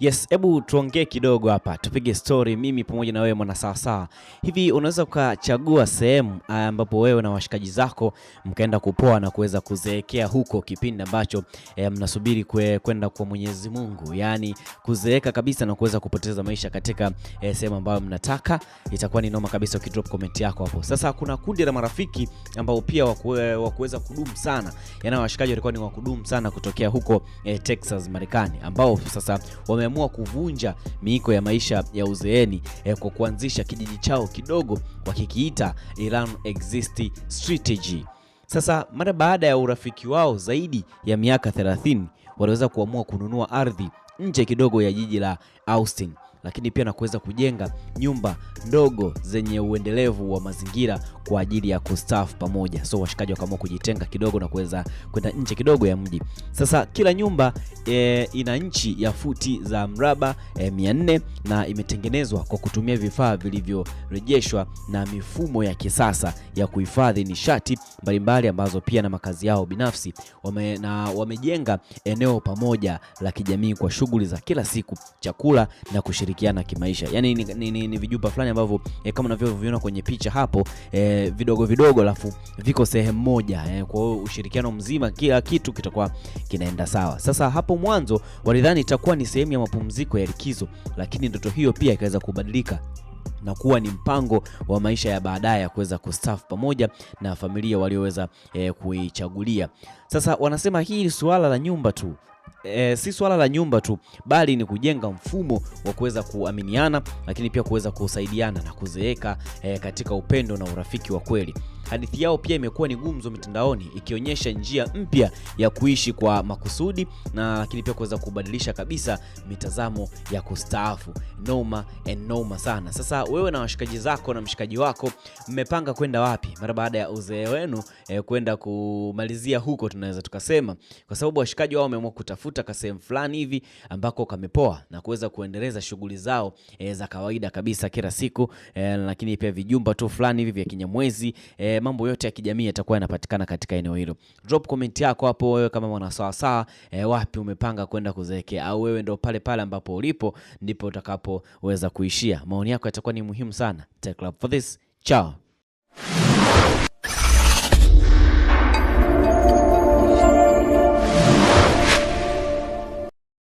Yes, hebu tuongee kidogo hapa, tupige story mimi pamoja na wewe mwana sawasawa. Hivi unaweza ukachagua sehemu ah, ambapo wewe na washikaji zako mkaenda kupoa na kuweza kuzeekea huko kipindi ambacho e, mnasubiri kwenda kwa Mwenyezi Mungu, yaani kuzeeka kabisa na kuweza kupoteza maisha katika e, sehemu ambayo mnataka. Itakuwa ni noma kabisa ukidrop comment yako hapo. Sasa kuna kundi la marafiki ambao pia wa kuweza kudumu sana, yaani washikaji walikuwa ni wa kudumu sana kutokea huko e, Texas Marekani, ambao sasa wame wameamua kuvunja miiko ya maisha ya uzeeni eh, kwa kuanzisha kijiji chao kidogo wakikiita Iran Exist Strategy. Sasa mara baada ya urafiki wao zaidi ya miaka 30 waliweza kuamua kununua ardhi nje kidogo ya jiji la Austin lakini pia na kuweza kujenga nyumba ndogo zenye uendelevu wa mazingira kwa ajili ya kustaff pamoja. So washikaji wakaamua kujitenga kidogo na kuweza kwenda nje kidogo ya mji. Sasa kila nyumba e, ina nchi ya futi za mraba eh, e, 400 na imetengenezwa kwa kutumia vifaa vilivyorejeshwa na mifumo ya kisasa ya kuhifadhi nishati mbalimbali ambazo pia na makazi yao binafsi wame, na wamejenga eneo pamoja la kijamii kwa shughuli za kila siku, chakula na kushiriki kushirikiana kimaisha. yani ni, ni, ni, ni vijupa fulani ambavyo eh, kama unavyoviona kwenye picha hapo eh, vidogo vidogo alafu viko sehemu moja eh, kwa hiyo ushirikiano mzima, kila kitu kitakuwa kinaenda sawa. Sasa hapo mwanzo walidhani itakuwa ni sehemu ya mapumziko ya likizo, lakini ndoto hiyo pia ikaweza kubadilika na kuwa ni mpango wa maisha ya baadaye ya kuweza kustaafu pamoja na familia walioweza e, kuichagulia. Sasa wanasema hii suala la nyumba tu E, si swala la nyumba tu bali ni kujenga mfumo wa kuweza kuaminiana, lakini pia kuweza kusaidiana na kuzeeka e, katika upendo na urafiki wa kweli. Hadithi yao pia imekuwa ni gumzo mitandaoni, ikionyesha njia mpya ya kuishi kwa makusudi na lakini pia kuweza kubadilisha kabisa mitazamo ya kustaafu. Noma and noma sana. Sasa wewe na washikaji zako na mshikaji wako mmepanga kwenda wapi mara baada ya uzee wenu eh, kwenda kumalizia huko, tunaweza tukasema, kwa sababu washikaji wao wameamua kutafuta kasehemu fulani hivi ambako kamepoa na kuweza kuendeleza shughuli zao eh, za kawaida kabisa kila siku eh, lakini pia vijumba tu fulani hivi vya Kinyamwezi eh, Eh, mambo yote ya kijamii yatakuwa yanapatikana katika eneo hilo. Drop comment yako hapo wewe kama mwana sawa sawa, e, eh, wapi umepanga kwenda kuzeekea, au wewe ndo pale pale ambapo ulipo ndipo utakapoweza kuishia. Maoni yako yatakuwa ni muhimu sana. Take love for this. Ciao.